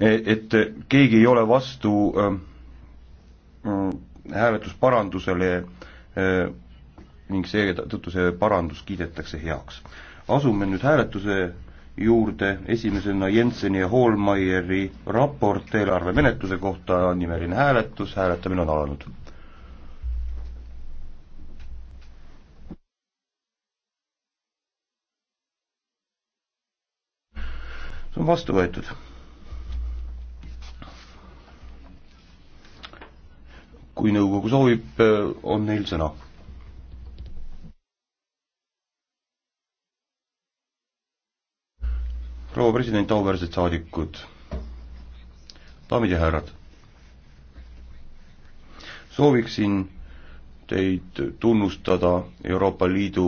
et keegi ei ole vastu äh, äh, hääletusparandusele äh, ning seetõttu see parandus kiidetakse heaks. asume nüüd hääletuse juurde, esimesena Jenseni ja Hallmeieri raport eelarve menetluse kohta, nimeline hääletus, hääletamine on alanud. see on vastu võetud kui nõukogu soovib, äh, on neil sõna. proua president, auväärsed saadikud, daamid ja härrad, sooviksin teid tunnustada Euroopa Liidu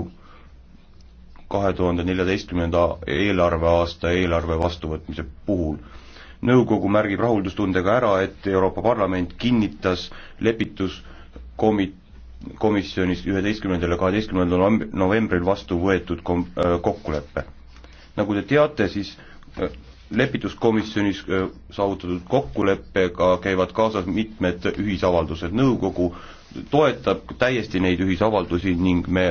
kahe tuhande neljateistkümnenda eelarveaasta eelarve vastuvõtmise puhul nõukogu märgib rahuldustundega ära, et Euroopa Parlament kinnitas lepituskomi-, komisjonis üheteistkümnendal ja kaheteistkümnendal novembril vastu võetud kom-, äh, kokkuleppe. nagu te teate, siis äh, lepituskomisjonis äh, saavutatud kokkuleppega käivad kaasas mitmed ühisavaldused, nõukogu toetab täiesti neid ühisavaldusi ning me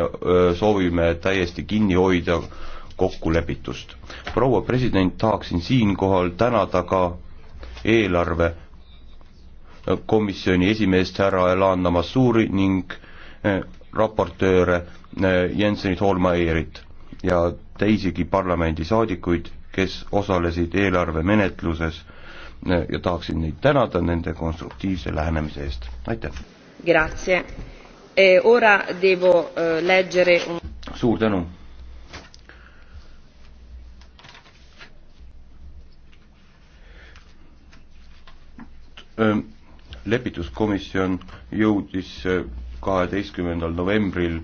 soovime täiesti kinni hoida kokkulepitust. proua president, tahaksin siinkohal tänada ka eelarve komisjoni esimeest härra Elana Masuri ning eh, raportööre eh, Jensenit Holmeirit ja teisigi parlamendisaadikuid, kes osalesid eelarve menetluses eh, ja tahaksin neid tänada nende konstruktiivse lähenemise eest, aitäh! suur tänu! lepituskomisjon jõudis kaheteistkümnendal novembril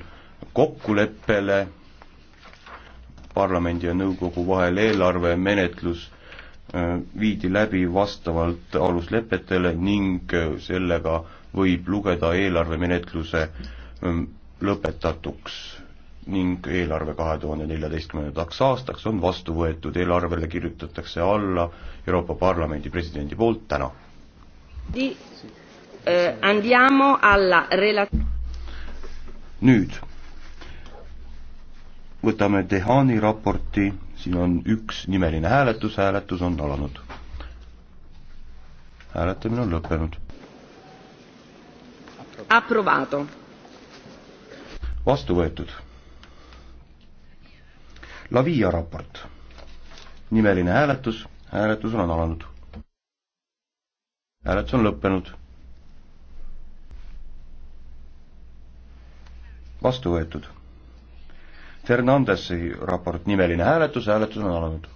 kokkuleppele parlamendi ja nõukogu vahel eelarvemenetlus viidi läbi vastavalt aluslepetele ning sellega võib lugeda eelarvemenetluse lõpetatuks ning eelarve kahe tuhande neljateistkümnendaks aastaks on vastu võetud, eelarvele kirjutatakse alla Euroopa Parlamendi presidendi poolt täna Eh, nüüd võtame Dehani raporti, siin on üks nimeline hääletus, hääletus on alanud. hääletamine on lõppenud. Approvato. vastu võetud. Lavia raport, nimeline hääletus, hääletus on alanud hääletus on lõppenud. vastu võetud. Fernandesi raport, nimeline hääletus, hääletus on alanud.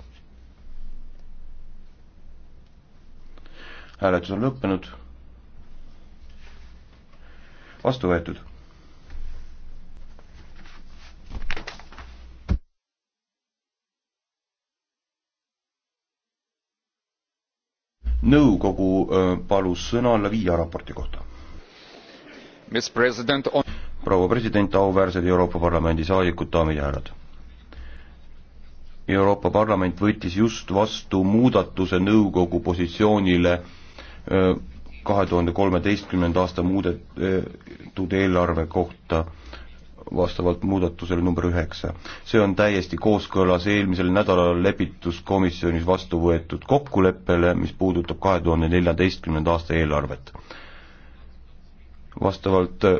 hääletus on lõppenud. vastu võetud nõukogu palus sõna alla viie raporti kohta. proua president, auväärsed Euroopa Parlamendi saadikud, daamid ja härrad. Euroopa Parlament võttis just vastu muudatuse nõukogu positsioonile kahe tuhande kolmeteistkümnenda aasta muudetud eelarve kohta vastavalt muudatusele number üheksa. see on täiesti kooskõlas eelmisel nädalal lepituskomisjonis vastu võetud kokkuleppele, mis puudutab kahe tuhande neljateistkümnenda aasta eelarvet. vastavalt äh,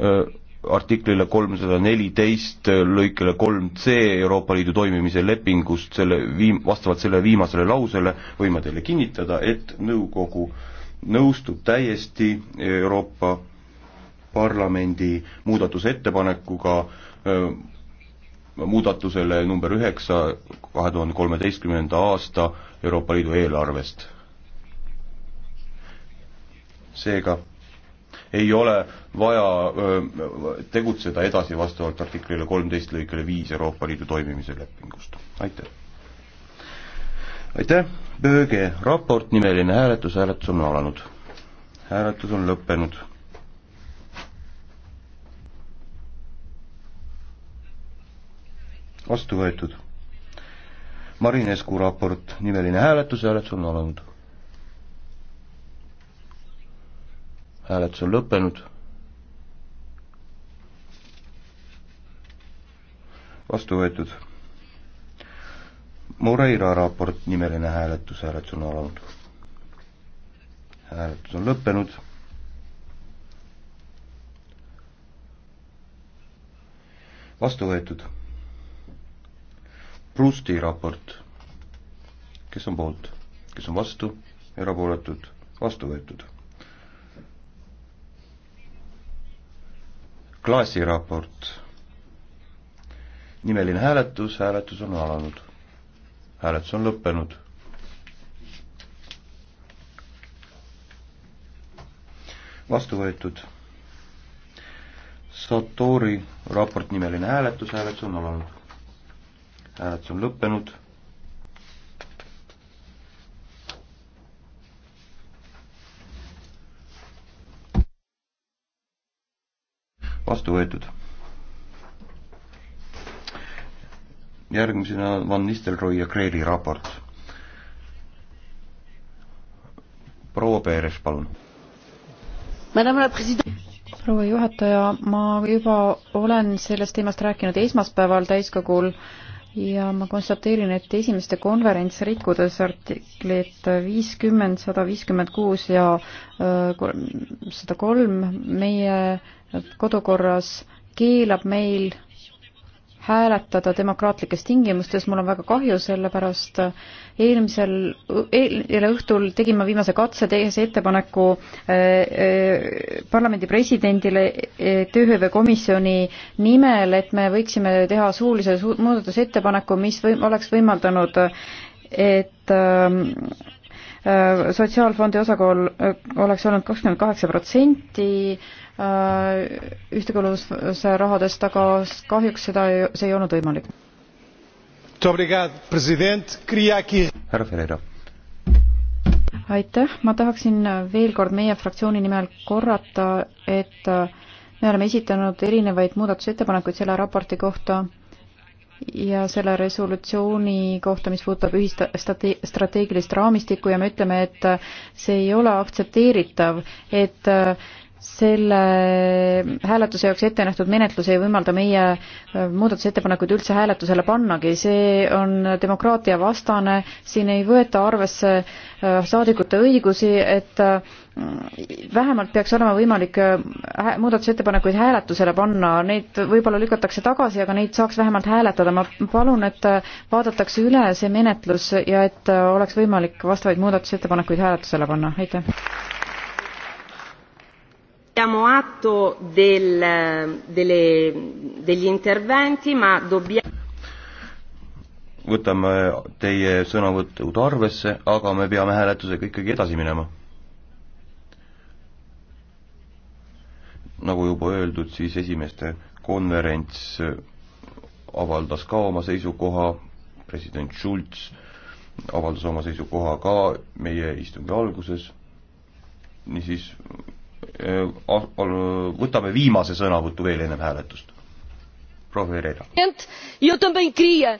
äh, artiklile kolmsada neliteist lõikele kolm C Euroopa Liidu toimimise lepingust selle viim-, vastavalt selle viimasele lausele võime teile kinnitada, et nõukogu nõustub täiesti Euroopa parlamendi muudatusettepanekuga muudatusele number üheksa kahe tuhande kolmeteistkümnenda aasta Euroopa Liidu eelarvest. seega ei ole vaja tegutseda edasi vastavalt artiklile kolmteist lõikele viis Euroopa Liidu toimimise lepingust. aitäh! aitäh, Böge raport, nimeline hääletus, hääletus on alanud. hääletus on lõppenud vastu võetud. Marinescu raport, nimeline hääletus, hääletus on alanud. hääletus on lõppenud. vastu võetud. Moreira raport, nimeline hääletus, hääletus on alanud. hääletus on lõppenud vastu võetud Prusti raport, kes on poolt, kes on vastu, erapooletud, vastu võetud. Klaasi raport, nimeline hääletus, hääletus on alanud, hääletus on lõppenud. vastu võetud. Satori raport nimeline hääletus, hääletus on alanud hääletus on lõppenud. vastu võetud. järgmisena Van Nistelrooy ja Kreeri raport. proua Peeres, palun. proua juhataja, ma juba olen sellest teemast rääkinud esmaspäeval täiskogul äh, ja ma konstateerin, et esimeste konverents, rikkudes artiklit viiskümmend, sada viiskümmend kuus ja äh, sada kolm meie kodukorras, keelab meil hääletada demokraatlikes tingimustes, mul on väga kahju, sellepärast eelmisel, eile õhtul tegin ma viimase katse, tehes ettepaneku äh, äh, parlamendi presidendile äh, tööhõivekomisjoni nimel, et me võiksime teha suulise muudatusettepaneku, mis või, oleks võimaldanud et äh, Äh, sotsiaalfondi osakaal äh, oleks olnud kakskümmend kaheksa protsenti äh, ühtekuuluvuse rahadest, aga kahjuks seda, see ei olnud võimalik. härra Ferreira. aitäh, ma tahaksin veel kord meie fraktsiooni nimel korrata, et me oleme esitanud erinevaid muudatusettepanekuid selle raporti kohta ja selle resolutsiooni kohta, mis puudutab ühist strate-, strateegilist raamistikku ja me ütleme, et see ei ole aktsepteeritav, et selle hääletuse jaoks ette nähtud menetlus ei võimalda meie äh, muudatusettepanekuid üldse hääletusele pannagi, see on demokraatia vastane, siin ei võeta arvesse äh, saadikute õigusi, et äh, vähemalt peaks olema võimalik muudatusettepanekuid hääletusele panna, neid võib-olla lükatakse tagasi, aga neid saaks vähemalt hääletada, ma palun, et vaadatakse üle see menetlus ja et oleks võimalik vastavaid muudatusettepanekuid hääletusele panna, aitäh. Diamo atto del, delle, degli interventi, ma dobbiamo võtame teie sõnavõtud arvesse, aga me peame hääletusega ikkagi edasi minema. nagu juba öeldud, siis esimeste konverents avaldas ka oma seisukoha, president Schulz avaldas oma seisukoha ka meie istungi alguses, niisiis võtame viimase sõnavõtu veel ennem hääletust. proua Ferreira. E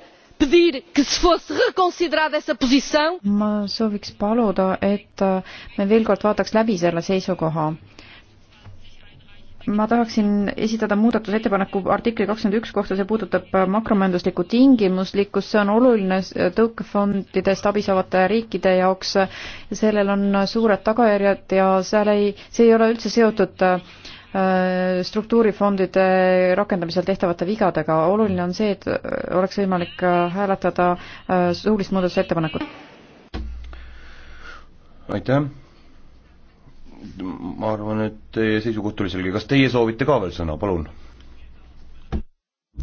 ma sooviks paluda, et me veel kord vaataks läbi selle seisukoha ma tahaksin esitada muudatusettepaneku artikli kakskümmend üks kohta, see puudutab äh, makromajanduslikku tingimuslikkust, see on oluline äh, tõukefondidest abi saavate riikide jaoks, sellel on äh, suured tagajärjed ja seal ei, see ei ole üldse seotud struktuurifondide rakendamisel tehtavate vigadega, oluline on see, et oleks võimalik hääletada suulist muudatusettepanekut. aitäh! ma arvan, et teie seisukoht oli selge, kas teie soovite ka veel sõna, palun?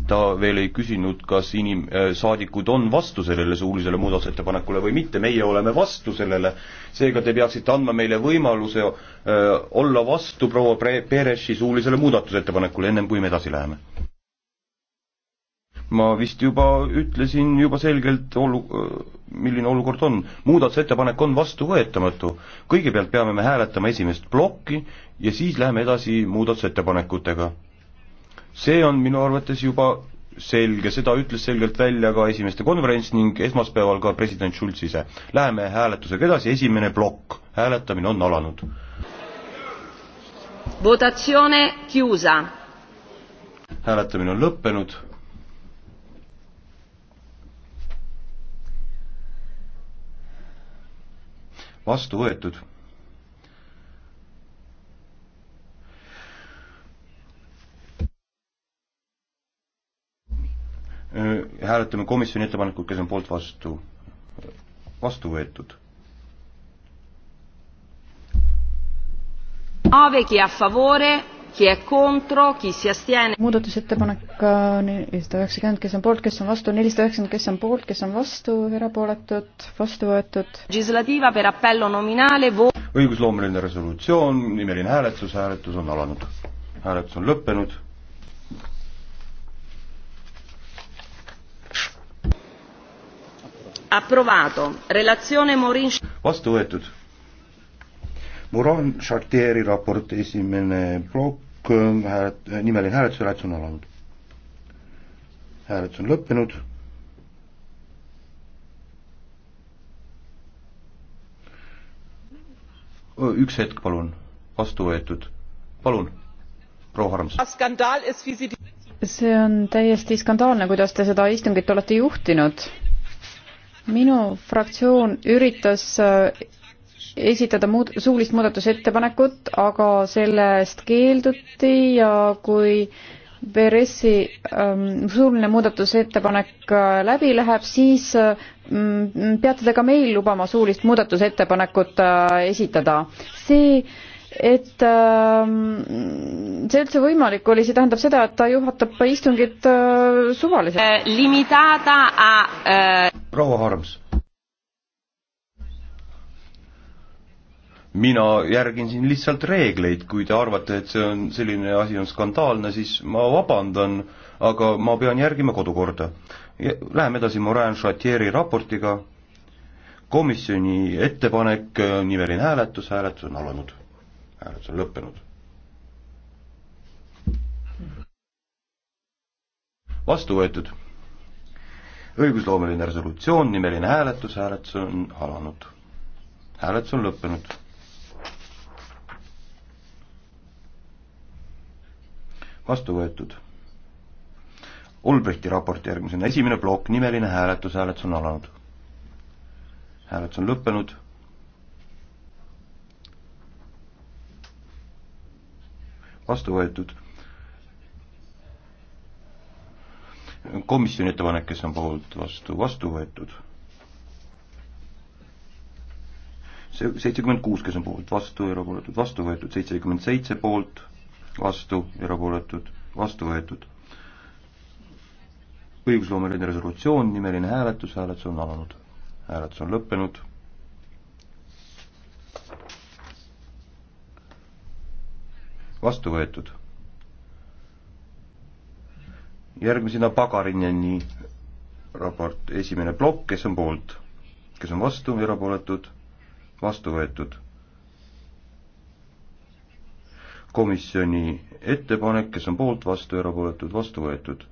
ta veel ei küsinud, kas inim-, äh, saadikud on vastu sellele suulisele muudatusettepanekule või mitte, meie oleme vastu sellele, seega te peaksite andma meile võimaluse öö, äh, olla vastu proua Peresi suulisele muudatusettepanekule, ennem kui me edasi läheme ma vist juba ütlesin juba selgelt olu-, milline olukord on. muudatusettepanek on vastuvõetamatu. kõigepealt peame me hääletama esimest plokki ja siis läheme edasi muudatusettepanekutega. see on minu arvates juba selge, seda ütles selgelt välja ka esimeste konverents ning esmaspäeval ka president Schulz ise. Läheme hääletusega edasi, esimene plokk, hääletamine on alanud. hääletamine on lõppenud vastu võetud. hääletame komisjoni ettepanekut, kes on poolt vastu, vastu võetud. Avegi a favore muudatusettepanek äh, nelisada üheksakümmend, kes on poolt, kes on vastu, nelisada üheksakümmend, kes on poolt, kes on vastu, erapooletud, vastu võetud. õigusloomeline resolutsioon, nimeline hääletus, hääletus on alanud. hääletus on lõppenud. vastu võetud Moran Chartieri raport, esimene plokk, hääled, nimeline hääletus, hääletus on alanud. hääletus on lõppenud. üks hetk, palun, vastu võetud, palun, proua Harms see on täiesti skandaalne, kuidas te seda istungit olete juhtinud. minu fraktsioon üritas äh, esitada muud, suulist muudatusettepanekut, aga sellest keelduti ja kui BRS-i ähm, suuline muudatusettepanek äh, läbi läheb, siis ähm, peate te ka meil lubama suulist muudatusettepanekut äh, esitada. see et ähm, see üldse võimalik oli, see tähendab seda, et ta juhatab istungit äh, suvaliselt. Äh, limitada a äh.... proua Harms mina järgin siin lihtsalt reegleid, kui te arvate, et see on, selline asi on skandaalne, siis ma vabandan, aga ma pean järgima kodukorda. Läheme edasi Morin Chatieri raportiga, komisjoni ettepanek, nimeline hääletus, hääletus on alanud, hääletus on lõppenud. vastu võetud. õigusloomeline resolutsioon, nimeline hääletus, hääletus on alanud, hääletus on lõppenud vastu võetud. Olbrechti raport järgmisena, esimene plokk, nimeline hääletus, hääletus on alanud. hääletus on lõppenud. vastu võetud. komisjoni ettepanek, kes on poolt vastu, vastu võetud. see seitsekümmend kuus, kes on poolt vastu, erapooletud vastu võetud, seitsekümmend seitse poolt vastu, erapooletud, vastu võetud. õigusloomeline resolutsioon, nimeline hääletus, hääletus on alanud. hääletus on lõppenud. vastu võetud. järgmisena Pagarineni raport, esimene plokk, kes on poolt, kes on vastu, erapooletud, vastu võetud komisjoni ettepanek, kes on poolt, vastu, erapooletud, vastu võetud.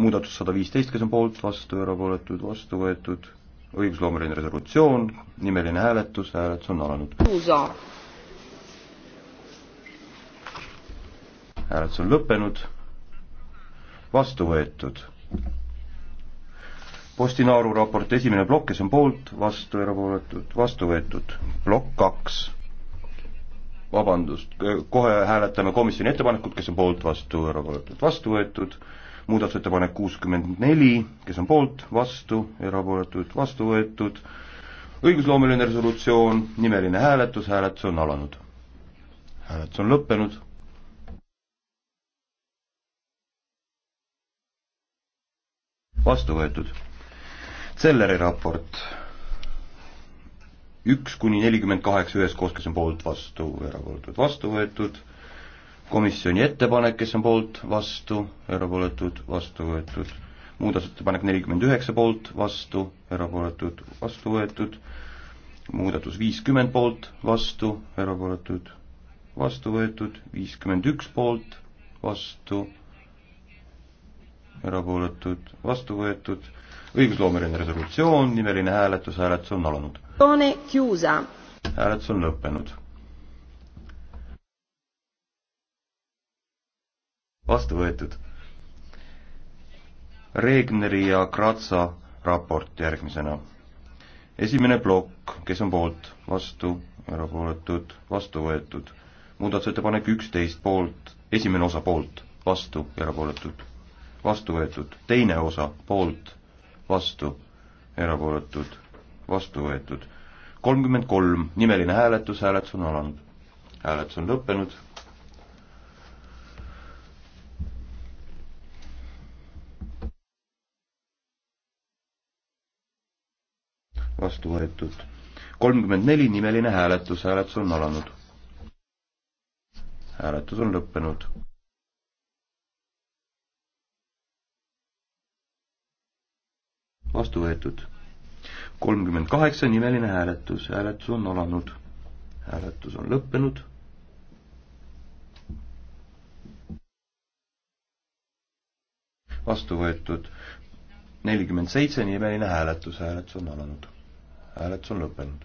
muudatus sada viisteist, kes on poolt, vastu, erapooletud, vastu võetud, õigusloomeline resolutsioon, nimeline hääletus, hääletus on alanud. hääletus on lõppenud, vastu võetud. Postinaaru raport esimene plokk, kes on poolt, vastu, erapooletud, vastu võetud. plokk kaks vabandust, kohe hääletame komisjoni ettepanekut, kes on poolt, vastu, erapooletult vastu võetud, muudatusettepanek kuuskümmend neli, kes on poolt, vastu, erapooletult vastu võetud, õigusloomeline resolutsioon, nimeline hääletus, hääletus on alanud. hääletus on lõppenud vastu võetud. Zelleri raport üks kuni nelikümmend kaheksa üheskoos, kes on poolt, vastu, erapooletud, vastu võetud, komisjoni ettepanek, kes on poolt, vastu, erapooletud, vastu võetud, muudatusettepanek nelikümmend üheksa poolt, vastu, erapooletud, vastu võetud, muudatus viiskümmend poolt, vastu, erapooletud, vastu võetud, viiskümmend üks poolt, vastu, erapooletud, vastu võetud, õigusloomeline resolutsioon, nimeline hääletus, hääletus on alanud. hääletus on lõppenud. vastu võetud. Regneri ja Kratsa raport järgmisena. esimene plokk, kes on poolt, vastu, erapooletud, vastu võetud. muudatusettepanek üksteist poolt, esimene osa poolt, vastu, erapooletud, vastu võetud, teine osa poolt vastu, erapooletud, vastu võetud. kolmkümmend kolm, nimeline hääletus, hääletus on alanud. hääletus on lõppenud. vastu võetud. kolmkümmend neli, nimeline hääletus, hääletus on alanud. hääletus on lõppenud. vastu võetud. kolmkümmend kaheksa nimeline hääletus, hääletus on alanud. hääletus on lõppenud. vastu võetud nelikümmend seitse nimeline hääletus, hääletus on alanud. hääletus on lõppenud.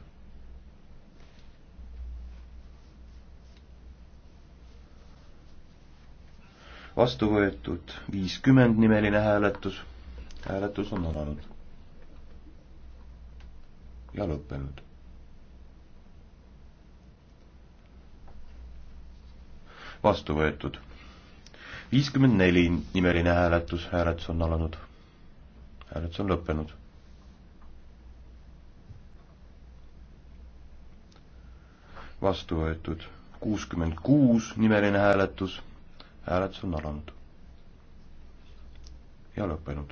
vastu võetud viiskümmend nimeline hääletus, hääletus on alanud ja lõppenud. vastu võetud. viiskümmend neli nimeline hääletus, hääletus on alanud. hääletus on lõppenud. vastu võetud kuuskümmend kuus nimeline hääletus, hääletus on alanud ja lõppenud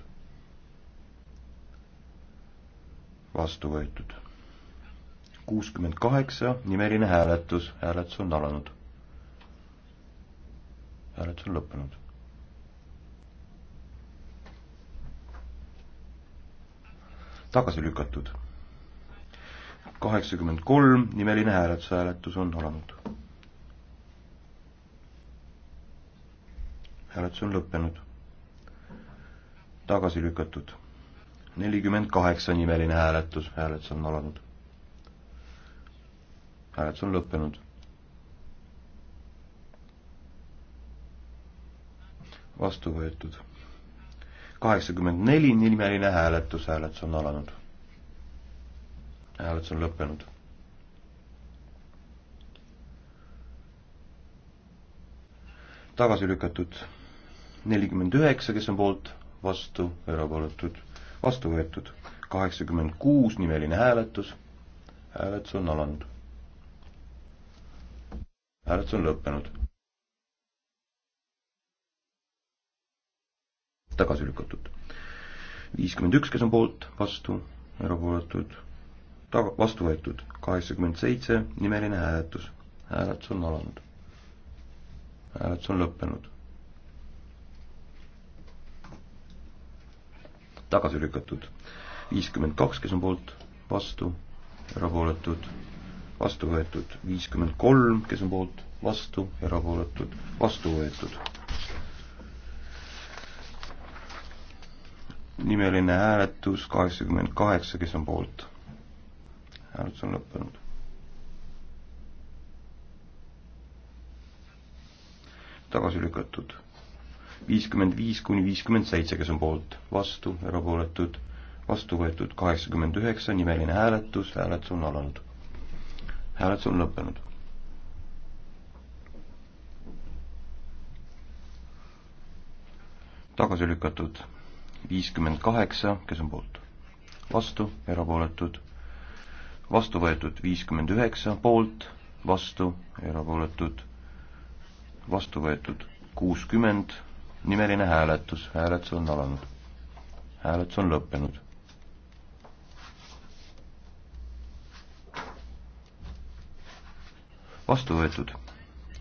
vastu võetud. kuuskümmend kaheksa, nimeline hääletus, hääletus on alanud. hääletus on lõppenud. tagasi lükatud. kaheksakümmend kolm, nimeline hääletus, hääletus on alanud. hääletus on lõppenud. tagasi lükatud nelikümmend kaheksa nimeline hääletus, hääletus on alanud. hääletus on lõppenud. vastu võetud. kaheksakümmend neli nimeline hääletus, hääletus on alanud. hääletus on lõppenud. tagasi lükatud nelikümmend üheksa, kes on poolt, vastu, erapooletud vastu võetud. kaheksakümmend kuus nimeline hääletus. hääletus on alanud. hääletus on lõppenud. tagasi lükatud. viiskümmend üks, kes on poolt, vastu, erapooletud, taga, vastu võetud. kaheksakümmend seitse nimeline hääletus. hääletus on alanud. hääletus on lõppenud. tagasi lükatud. viiskümmend kaks, kes on poolt, vastu, erapooletud, vastu võetud. viiskümmend kolm, kes on poolt, vastu, erapooletud, vastu võetud. nimeline hääletus kaheksakümmend kaheksa, kes on poolt. hääletus on lõppenud. tagasi lükatud viiskümmend viis kuni viiskümmend seitse, kes on poolt, vastu, erapooletud, vastu võetud kaheksakümmend üheksa, nimeline hääletus, hääletus on alanud. hääletus on lõppenud. tagasi lükatud viiskümmend kaheksa, kes on poolt, vastu, erapooletud, vastu võetud viiskümmend üheksa, poolt, vastu, erapooletud, vastu võetud kuuskümmend nimeline hääletus, hääletus on alanud. hääletus on lõppenud. vastu võetud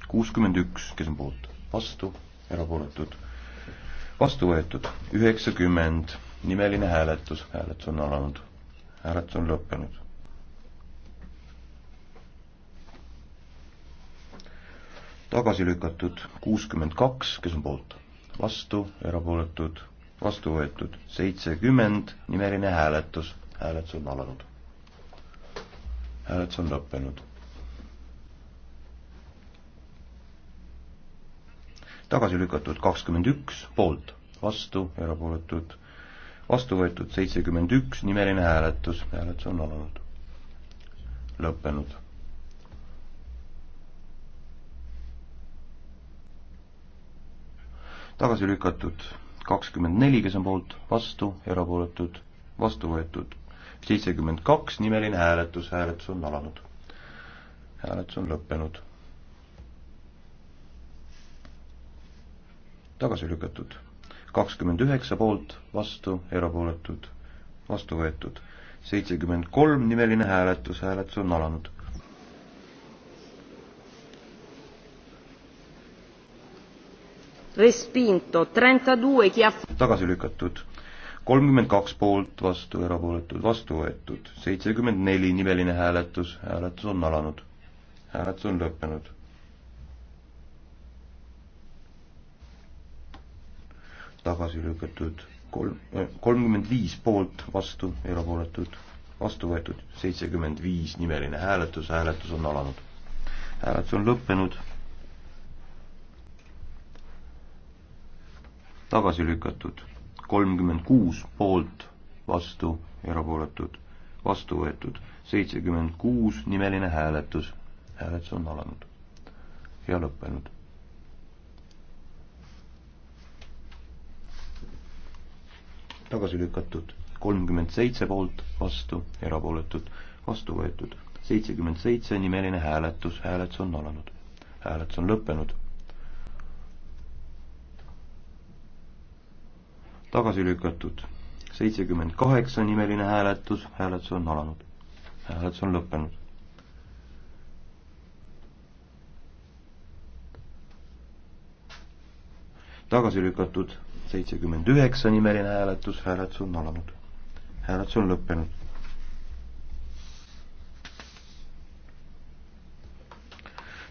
kuuskümmend üks, kes on poolt, vastu, erapooletud. vastu võetud üheksakümmend, nimeline hääletus, hääletus on alanud, hääletus on lõppenud. tagasi lükatud kuuskümmend kaks, kes on poolt vastu, erapooletud, vastu võetud seitsekümmend, nimeline hääletus, hääletus on alanud. hääletus on lõppenud. tagasi lükatud kakskümmend üks, poolt, vastu, erapooletud, vastu võetud seitsekümmend üks, nimeline hääletus, hääletus on alanud. lõppenud tagasi lükatud kakskümmend neli, kes on poolt, vastu, erapooletud, vastu võetud seitsekümmend kaks, nimeline hääletus, hääletus on alanud. hääletus on lõppenud. tagasi lükatud kakskümmend üheksa poolt, vastu, erapooletud, vastu võetud. seitsekümmend kolm nimeline hääletus, hääletus on alanud respinto, trentadue chi a-. tagasi lükatud, kolmkümmend kaks poolt, vastu erapooletud, vastu võetud, seitsekümmend neli nimeline hääletus, hääletus on alanud, hääletus on lõppenud. tagasi lükatud kolm, äh, kolmkümmend viis poolt, vastu erapooletud, vastu võetud, seitsekümmend viis nimeline hääletus, hääletus on alanud. hääletus on lõppenud tagasi lükatud, kolmkümmend kuus poolt, vastu, erapooletud, vastu võetud, seitsekümmend kuus nimeline hääletus. hääletus on alanud ja lõppenud. tagasi lükatud, kolmkümmend seitse poolt, vastu, erapooletud, vastu võetud, seitsekümmend seitse nimeline hääletus, hääletus on alanud, hääletus on lõppenud tagasi lükatud. seitsekümmend kaheksa nimeline hääletus, hääletus on alanud. hääletus on lõppenud. tagasi lükatud seitsekümmend üheksa nimeline hääletus, hääletus on alanud. hääletus on lõppenud.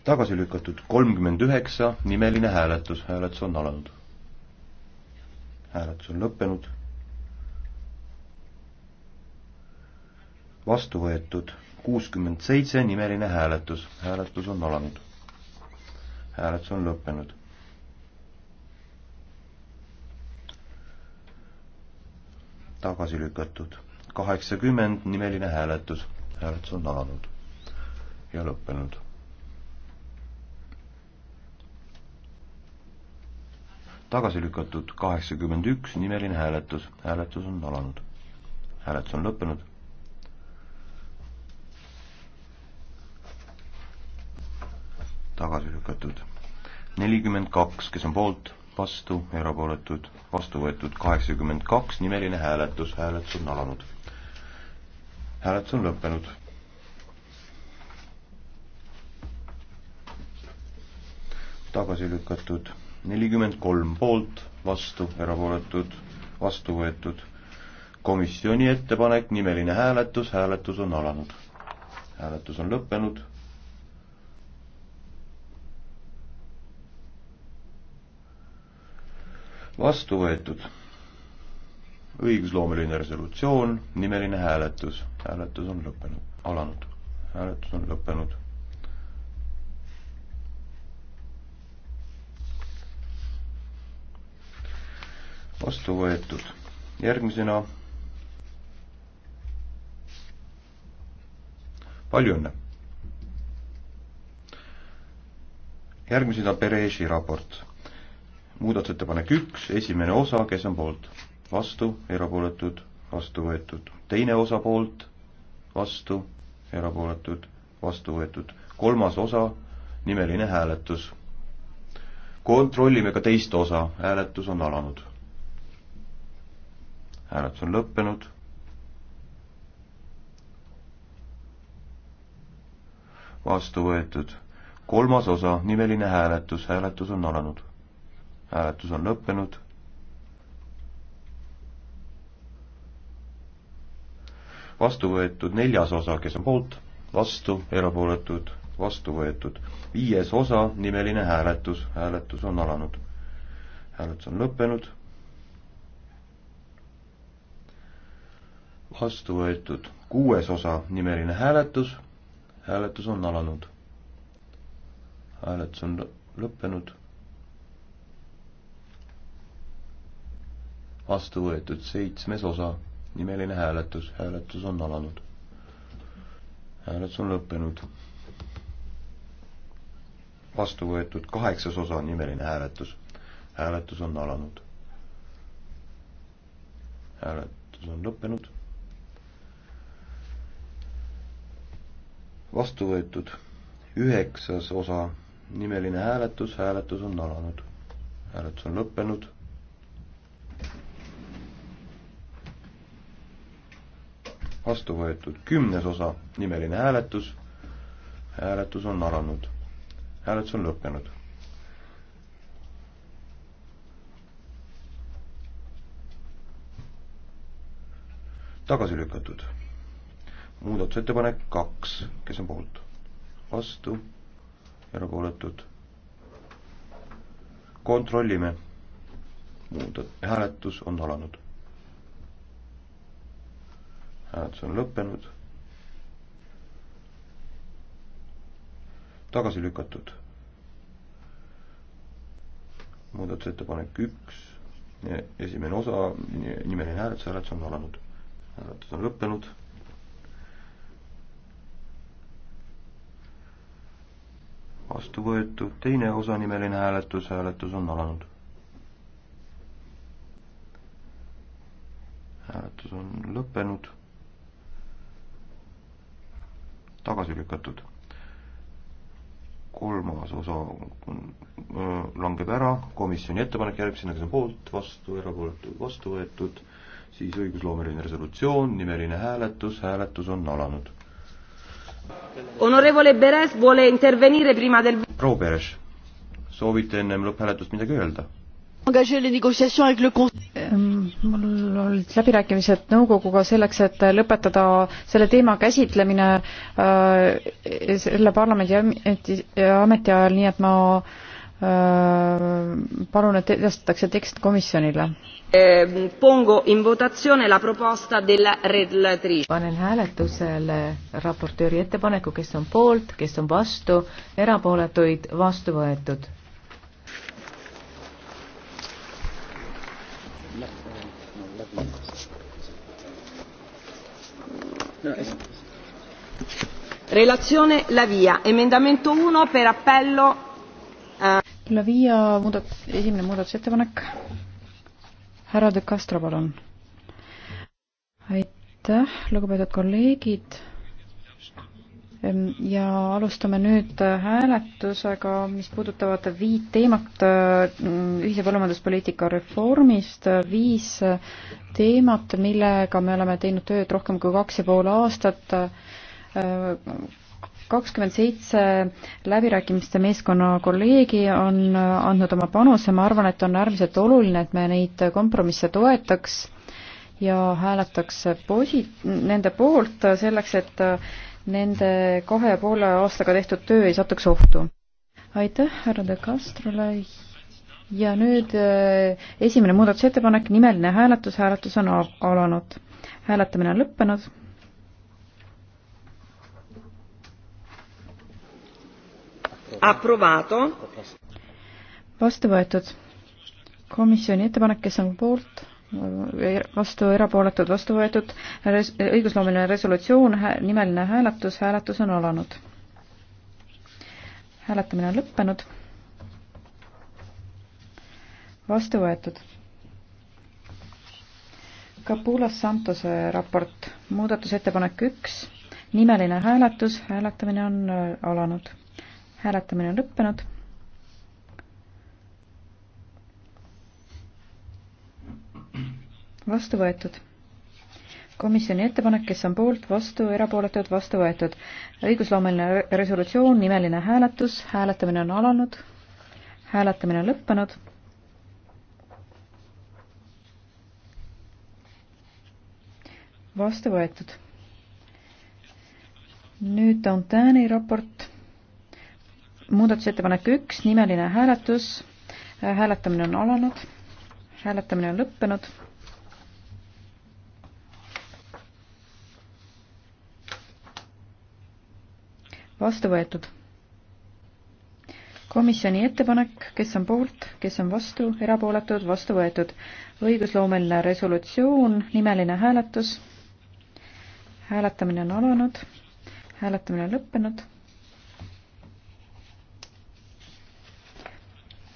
tagasi lükatud kolmkümmend üheksa nimeline hääletus, hääletus on alanud hääletus on lõppenud. vastu võetud kuuskümmend seitse nimeline hääletus, hääletus on alanud. hääletus on lõppenud. tagasi lükatud kaheksakümmend nimeline hääletus, hääletus on alanud ja lõppenud tagasi lükatud kaheksakümmend üks nimeline hääletus, hääletus on alanud. hääletus on lõppenud. tagasi lükatud nelikümmend kaks, kes on poolt, vastu, erapooletud, vastu võetud kaheksakümmend kaks, nimeline hääletus, hääletus on alanud. hääletus on lõppenud. tagasi lükatud nelikümmend kolm poolt, vastu, erapooletud, vastu võetud. komisjoni ettepanek, nimeline hääletus, hääletus on alanud. hääletus on lõppenud. vastu võetud. õigusloomeline resolutsioon, nimeline hääletus, hääletus on lõppenud, alanud, hääletus on lõppenud. vastu võetud. järgmisena. palju õnne. järgmisena Pereži raport. muudatusettepanek üks, esimene osa, kes on poolt? vastu, erapooletud, vastu võetud. teine osa poolt, vastu, erapooletud, vastu võetud. kolmas osa, nimeline hääletus kontrollime ka teist osa, hääletus on alanud hääletus on lõppenud. vastu võetud kolmas osa, nimeline hääletus, hääletus on alanud. hääletus on lõppenud. vastu võetud neljas osa, kes on poolt, vastu, erapooletud, vastu võetud. viies osa, nimeline hääletus, hääletus on alanud. hääletus on lõppenud vastu võetud. kuues osa, nimeline hääletus, hääletus on alanud. hääletus on lõppenud. vastu võetud seitsmes osa, nimeline hääletus, hääletus on alanud. hääletus on lõppenud. vastu võetud kaheksas osa, nimeline hääletus, hääletus on alanud. hääletus on lõppenud. vastu võetud. üheksas osa, nimeline hääletus, hääletus on alanud. hääletus on lõppenud. vastu võetud. kümnes osa, nimeline hääletus, hääletus on alanud. hääletus on lõppenud. tagasi lükatud muudatusettepanek kaks, kes on poolt? vastu, erapooletud. kontrollime. muudat-, hääletus on alanud. hääletus on lõppenud. tagasi lükatud. muudatusettepanek üks, esimene osa, nimeline hääletus, hääletus on alanud. hääletus on lõppenud vastu võetud, teine osanimeline hääletus, hääletus on alanud. hääletus on lõppenud, tagasi lükatud. kolmas osa langeb ära, komisjoni ettepanek järgmisena, kes on poolt, vastu, erapooletud, vastu võetud, siis õigusloomeline resolutsioon, nimeline hääletus, hääletus on alanud Honorevole Beres vuole intervenire prima del... proua Beres, soovite ennem lõpphääletust midagi öelda? mul olid läbirääkimised nõukoguga selleks, et lõpetada selle teema käsitlemine äh, selle parlamendi ameti ajal, nii et ma äh, palun, et edastatakse tekst komisjonile eh, pongo in votazione la proposta della relatrice. panen hääletusele raportööri ettepaneku, kes on poolt, kes on vastu, erapooletuid vastu võetud. Relazione La Via, emendamento 1 per appello. Eh... La Via, muudat-, esimene muudatusettepanek härra De Castro, palun. aitäh, lugupeetud kolleegid. ja alustame nüüd hääletusega, mis puudutavad viit teemat mm, ühise põllumajanduspoliitika reformist, viis teemat, millega me oleme teinud tööd rohkem kui kaks ja pool aastat kakskümmend seitse läbirääkimiste meeskonna kolleegi on andnud oma panuse, ma arvan, et on äärmiselt oluline, et me neid kompromisse toetaks ja hääletaks posi-, nende poolt selleks, et nende kahe ja poole aastaga tehtud töö ei satuks ohtu. aitäh härra De Castrole ja nüüd äh, esimene muudatusettepanek, nimeline hääletus, hääletus on alanud. hääletamine on lõppenud approvato. vastu võetud. komisjoni ettepanek, kes on poolt? vastu erapooletud, vastu võetud res-, õigusloomeline resolutsioon, nimeline hääletus, hääletus on alanud. hääletamine on lõppenud. vastu võetud. Capulas Santose raport, muudatusettepanek üks, nimeline hääletus, hääletamine on äh, alanud hääletamine on lõppenud. vastu võetud. komisjoni ettepanek, kes on poolt, vastu, erapooletud, vastu võetud. õigusloomeline resolutsioon, nimeline hääletus, hääletamine on alanud, hääletamine on lõppenud. vastu võetud. nüüd Dantani raport muudatusettepanek üks, nimeline hääletus. Äh, hääletamine on alanud, hääletamine on lõppenud. vastu võetud. komisjoni ettepanek, kes on poolt, kes on vastu, erapooletud, vastu võetud. õigusloomeline resolutsioon, nimeline hääletus. hääletamine on alanud, hääletamine on lõppenud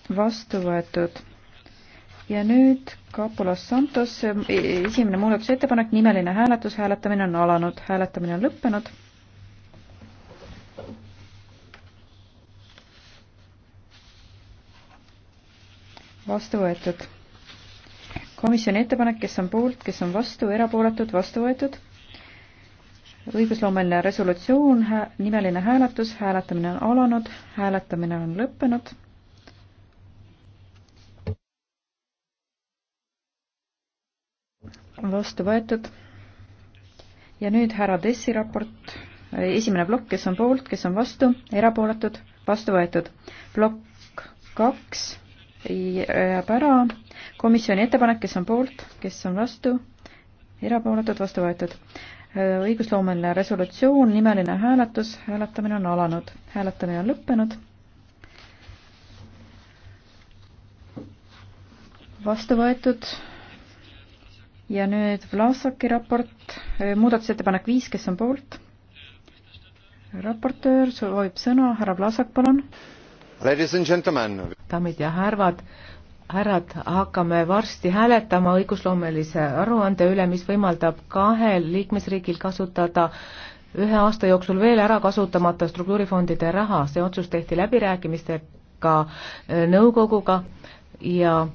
vastu võetud. ja nüüd Kapolas Santos, e, esimene muudatusettepanek, nimeline hääletus, hääletamine on alanud, hääletamine on lõppenud. vastu võetud. komisjoni ettepanek, kes on poolt, kes on vastu, erapooletud, vastu võetud. õigusloomeline resolutsioon, nimeline hääletus, hääletamine on alanud, hääletamine on lõppenud vastu võetud. ja nüüd härra Tessi raport, esimene plokk, kes on poolt, kes on vastu, erapooletud, vastu võetud. plokk kaks jääb ära, komisjoni ettepanek, kes on poolt, kes on vastu, erapooletud, vastu võetud õigusloomeline resolutsioon, nimeline hääletus, hääletamine on alanud, hääletamine on lõppenud. vastu võetud ja nüüd Vlasaki raport, eh, muudatusettepanek viis, kes on poolt? raportöör soovib sõna, härra Vlasak, palun. daamid ja härvad, härrad, hakkame varsti hääletama õigusloomelise aruande üle, mis võimaldab kahel liikmesriigil kasutada ühe aasta jooksul veel ära kasutamata struktuurifondide raha, see otsus tehti läbirääkimistega eh, nõukoguga ja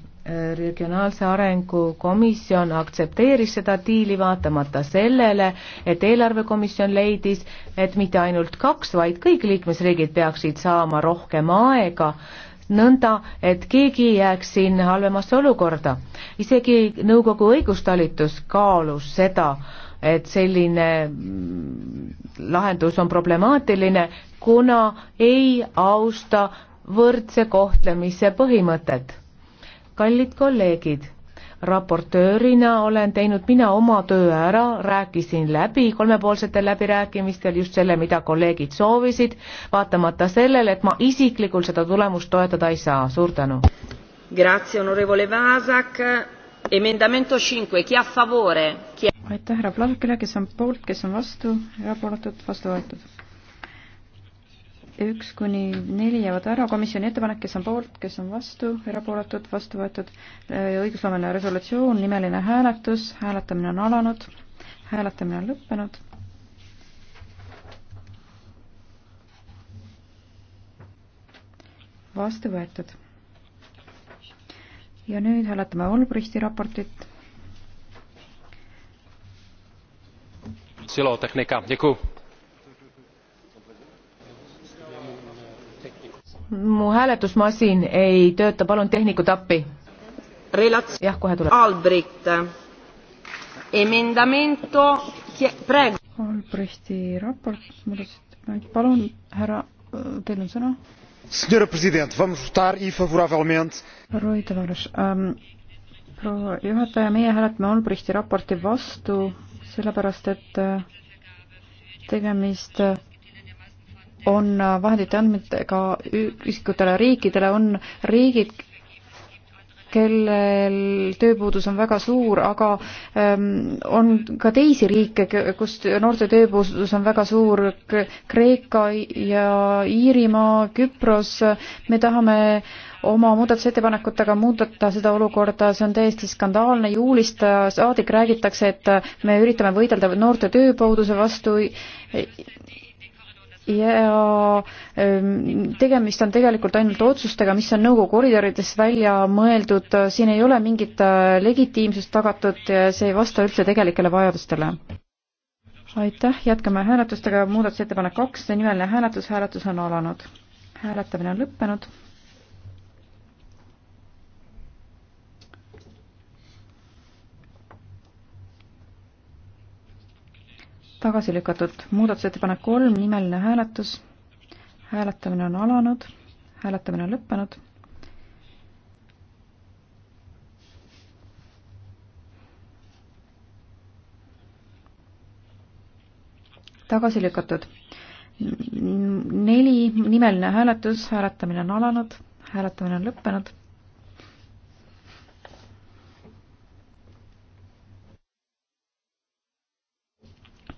regionaalse arengu komisjon aktsepteeris seda diili vaatamata sellele, et eelarvekomisjon leidis, et mitte ainult kaks, vaid kõik liikmesriigid peaksid saama rohkem aega, nõnda, et keegi ei jääks siin halvemasse olukorda. isegi nõukogu õigustalitus kaalus seda, et selline mm, lahendus on problemaatiline, kuna ei austa võrdse kohtlemise põhimõtet kallid kolleegid, raportöörina olen teinud mina oma töö ära, rääkisin läbi kolmepoolsetel läbirääkimistel just selle, mida kolleegid soovisid, vaatamata sellele, et ma isiklikult seda tulemust toetada ei saa, suur tänu. aitäh härra Plavkile, kes on poolt, kes on vastu, erapooletud, vastu võetud üks kuni neli jäävad ära, komisjoni ettepanek, kes on poolt, kes on vastu, erapooletud, vastu võetud, äh, õigusloomeline resolutsioon, nimeline hääletus, hääletamine on alanud, hääletamine on lõppenud. vastu võetud. ja nüüd hääletame Olbrichti raportit. silotehnika, Děkuji. mu hääletusmasin ei tööta, palun tehnikud appi. jah, kohe tuleb. Albrecht, emendamento, praegu. Albrechti raport, muudatusettepanek, palun, härra, teil on sõna. Senhora Presidente, vamos votar e favoravelmente. Rui Tavares ähm,, proua juhataja, meie hääletame Albrechti raporti vastu, sellepärast et äh, tegemist äh, on vahendite andmetega isikutele riikidele, on riigid, kellel tööpuudus on väga suur, aga ähm, on ka teisi riike, kus noorte tööpuudus on väga suur, Kreeka ja Iirimaa, Küpros, me tahame oma muudatusettepanekutega muudata seda olukorda, see on täiesti skandaalne, juulist saadik räägitakse, et me üritame võidelda noorte tööpuuduse vastu ja ähm, tegemist on tegelikult ainult otsustega, mis on nõukogu koridorides välja mõeldud, siin ei ole mingit äh, legitiimsust tagatud, see ei vasta üldse tegelikele vajadustele. aitäh, jätkame hääletustega, muudatusettepanek kaks, nimeline hääletus, hääletus on alanud. hääletamine on lõppenud tagasi lükatud. muudatusettepanek kolm, nimeline hääletus. hääletamine on alanud, hääletamine on lõppenud. tagasi lükatud. neli, nimeline hääletus, hääletamine on alanud, hääletamine on lõppenud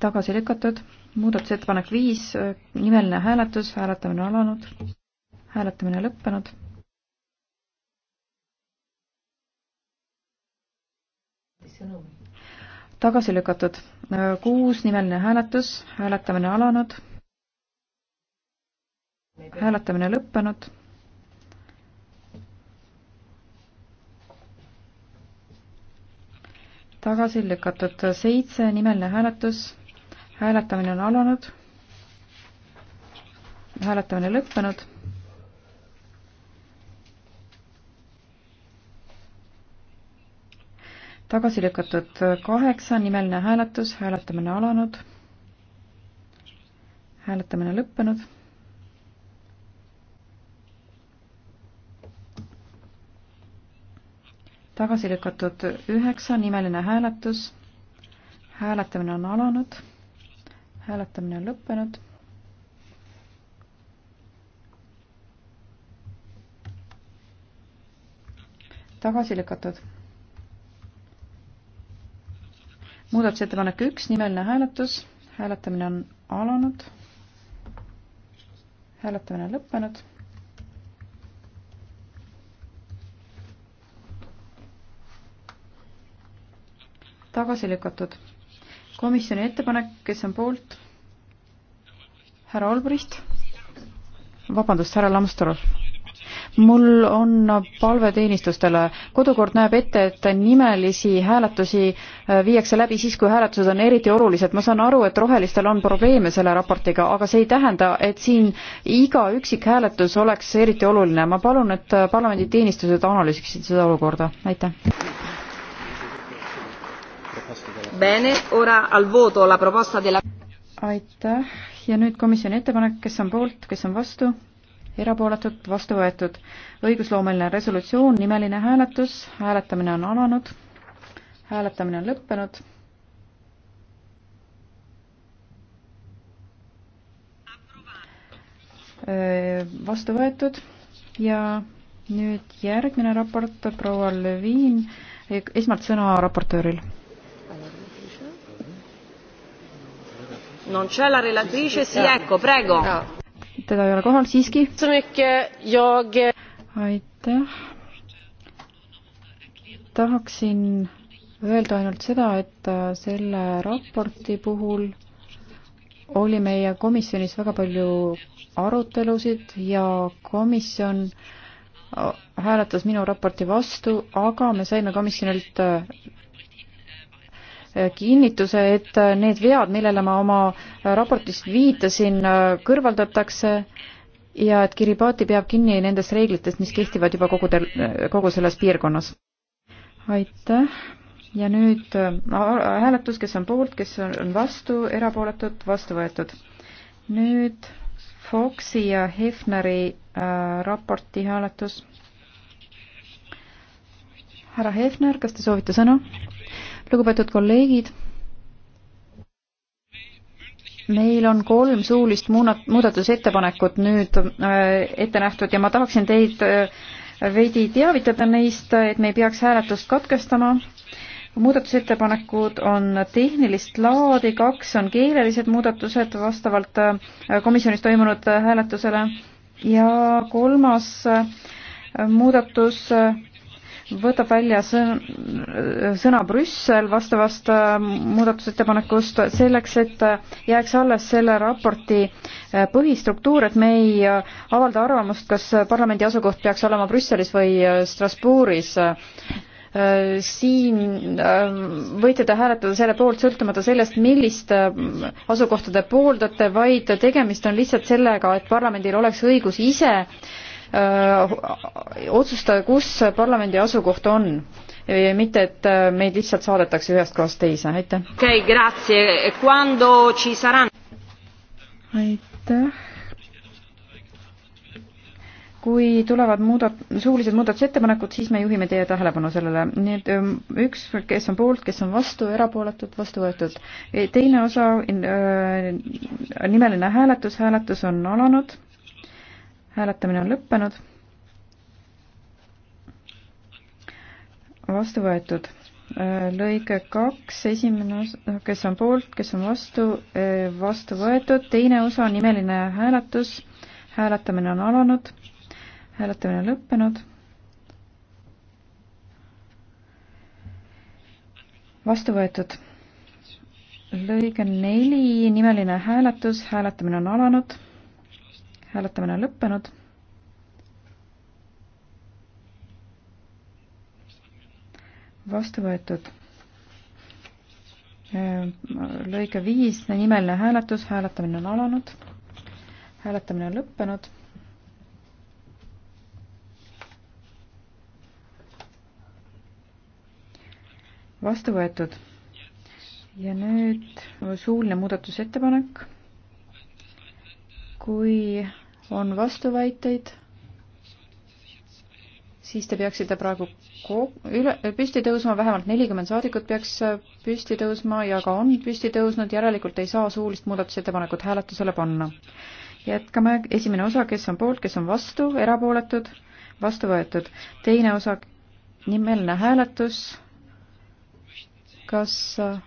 tagasi lükatud, muudatusettepanek viis, nimeline hääletus, hääletamine alanud, hääletamine lõppenud. tagasi lükatud, kuus nimeline hääletus, hääletamine alanud, hääletamine lõppenud tagasi lükatud seitse nimeline hääletus, hääletamine on alanud. hääletamine lõppenud. tagasi lükatud kaheksa, nimeline hääletus, hääletamine alanud. hääletamine lõppenud. tagasi lükatud üheksa, nimeline hääletus, hääletamine on alanud hääletamine on lõppenud. tagasi lükatud. muudatusettepanek üks, nimeline hääletus, hääletamine on alanud. hääletamine on lõppenud tagasi lükatud komisjoni ettepanek, kes on poolt? härra Olbricht? vabandust, härra Lamstorov mul on palve teenistustele. kodukord näeb ette, et nimelisi hääletusi äh, viiakse läbi siis, kui hääletused on eriti olulised. ma saan aru, et rohelistel on probleeme selle raportiga, aga see ei tähenda, et siin iga üksik hääletus oleks eriti oluline. ma palun, et äh, parlamendi teenistused analüüsiksid seda olukorda. aitäh. Bene, ora al voto la proposta della... aitäh ja nüüd komisjoni ettepanek, kes on poolt, kes on vastu? erapooletult vastu võetud. õigusloomeline resolutsioon, nimeline hääletus, hääletamine on alanud, hääletamine on lõppenud. Äh, vastu võetud ja nüüd järgmine raport, proua Levin, esmalt sõna raportööril non c'è la relatrice, sì, ecco, prego. Ah. teda ei ole kohal siiski. aitäh. tahaksin öelda ainult seda, et äh, selle raporti puhul oli meie komisjonis väga palju arutelusid ja komisjon äh, hääletas minu raporti vastu, aga me saime komisjonilt äh, kinnituse, et need vead, millele ma oma raportis viitasin, kõrvaldatakse ja et Kiribati peab kinni nendest reeglitest, mis kehtivad juba kogu ter-, kogu selles piirkonnas. aitäh ja nüüd äh, hääletus, kes on poolt, kes on vastu, erapooletud, vastu võetud. nüüd Foxi ja Hefneri äh, raporti hääletus. härra Hefner, kas te soovite sõna? lugupeetud kolleegid, meil on kolm suulist muudatusettepanekut nüüd äh, ette nähtud ja ma tahaksin teid äh, veidi teavitada neist, et me ei peaks hääletust katkestama. muudatusettepanekud on tehnilist laadi, kaks on keelelised muudatused vastavalt äh, komisjonis toimunud hääletusele ja kolmas muudatus võtab välja sõn, sõna Brüssel vastavast äh, muudatusettepanekust selleks, et äh, jääks alles selle raporti äh, põhistruktuur, et me ei avalda arvamust, kas parlamendi asukoht peaks olema Brüsselis või Strasbourgis siin võite te hääletada selle poolt sõltumata sellest, millist asukohta te pooldate, vaid tegemist on lihtsalt sellega, et parlamendil oleks õigus ise Äh, otsustada, kus parlamendi asukoht on. mitte, et äh, meid lihtsalt saadetakse ühest kohast teise, aitäh. okei okay,, grazie, e quando ci saran-? aitäh kui tulevad muudat-, suulised muudatusettepanekud, siis me juhime teie tähelepanu sellele. nii et ähm, üks, kes on poolt, kes on vastu, erapooletud, vastu võetud. E teine osa, äh, nimeline hääletus, hääletus on alanud hääletamine on lõppenud. vastu võetud. Äh, lõige kaks, esimene osa, noh, kes on poolt, kes on vastu, äh, vastu võetud, teine osa, nimeline hääletus, hääletamine on alanud, hääletamine on lõppenud. vastu võetud. lõige neli, nimeline hääletus, hääletamine on alanud hääletamine on lõppenud. vastu võetud. Äh, lõige viis, nimeline hääletus, hääletamine on alanud. hääletamine on lõppenud. vastu võetud. ja nüüd suuline muudatusettepanek. kui on vastuväiteid, siis te peaksite praegu üle, püsti tõusma, vähemalt nelikümmend saadikut peaks äh, püsti tõusma ja ka on püsti tõusnud, järelikult ei saa suulist muudatusettepanekut hääletusele panna. jätkame, esimene osa, kes on poolt, kes on vastu, erapooletud, vastu võetud. teine osa, nimeline hääletus, kas äh,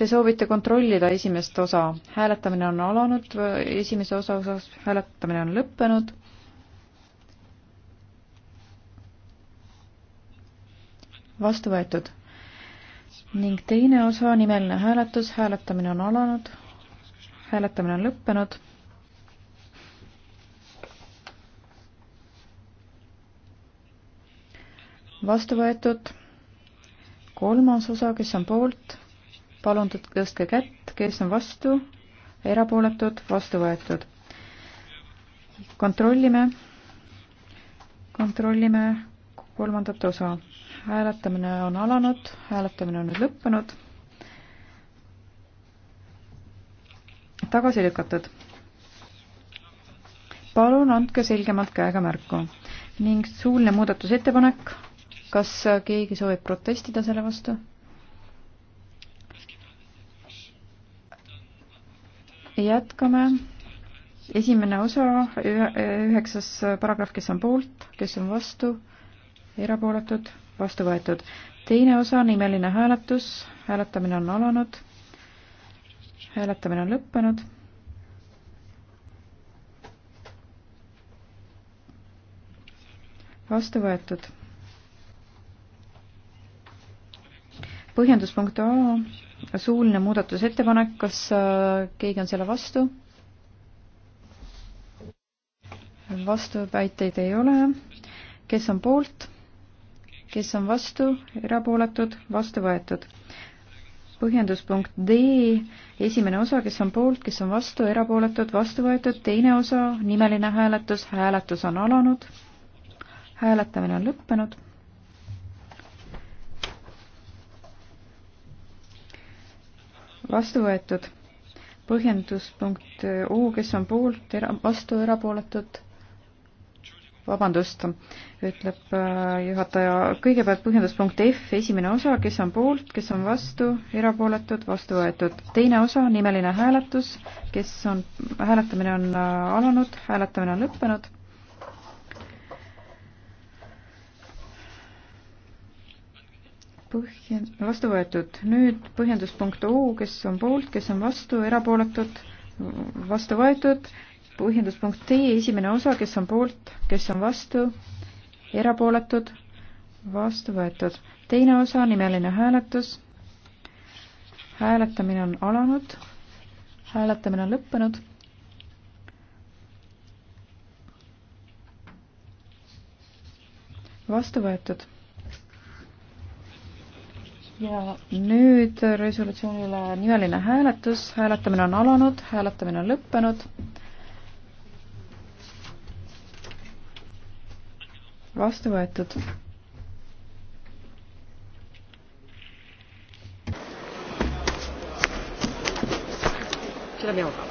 Te soovite kontrollida esimest osa. hääletamine on alanud, esimese osa osas hääletamine on lõppenud. vastu võetud. ning teine osa, nimeline hääletus, hääletamine on alanud, hääletamine on lõppenud. vastu võetud. kolmas osa, kes on poolt palun tõstke kätt, kes on vastu, erapooletud, vastu võetud. kontrollime, kontrollime kolmandat osa. hääletamine on alanud, hääletamine on nüüd lõppenud. tagasi lükatud. palun andke selgemalt käega märku ning suuline muudatusettepanek, kas keegi soovib protestida selle vastu? jätkame. esimene osa, üheksas paragrahv, kes on poolt, kes on vastu, erapooletud, vastu võetud. teine osa, nimeline hääletus, hääletamine on alanud, hääletamine on lõppenud. vastu võetud. põhjenduspunkt A suuline muudatusettepanek, kas äh, keegi on selle vastu? vastuväiteid ei ole. kes on poolt? kes on vastu, erapooletud, vastu võetud. põhjenduspunkt D, esimene osa, kes on poolt, kes on vastu, erapooletud, vastu võetud, teine osa, nimeline hääletus, hääletus on alanud, hääletamine on lõppenud vastu võetud. põhjendus punkt O, kes on poolt, era-, vastu, erapooletud vabandust, ütleb äh, juhataja, kõigepealt põhjenduspunkt F, esimene osa, kes on poolt, kes on vastu, erapooletud, vastu võetud. teine osa, nimeline hääletus, kes on, hääletamine on äh, alanud, hääletamine on lõppenud põhjend-, vastu võetud. nüüd põhjenduspunkt O, kes on poolt, kes on vastu, erapooletud, vastu võetud. põhjenduspunkt D, esimene osa, kes on poolt, kes on vastu, erapooletud, vastu võetud. teine osa, nimeline hääletus. hääletamine on alanud. hääletamine on lõppenud. vastu võetud ja nüüd resolutsiooni üle nimeline hääletus, hääletamine on alanud, hääletamine on lõppenud. vastu võetud. seda mina ka.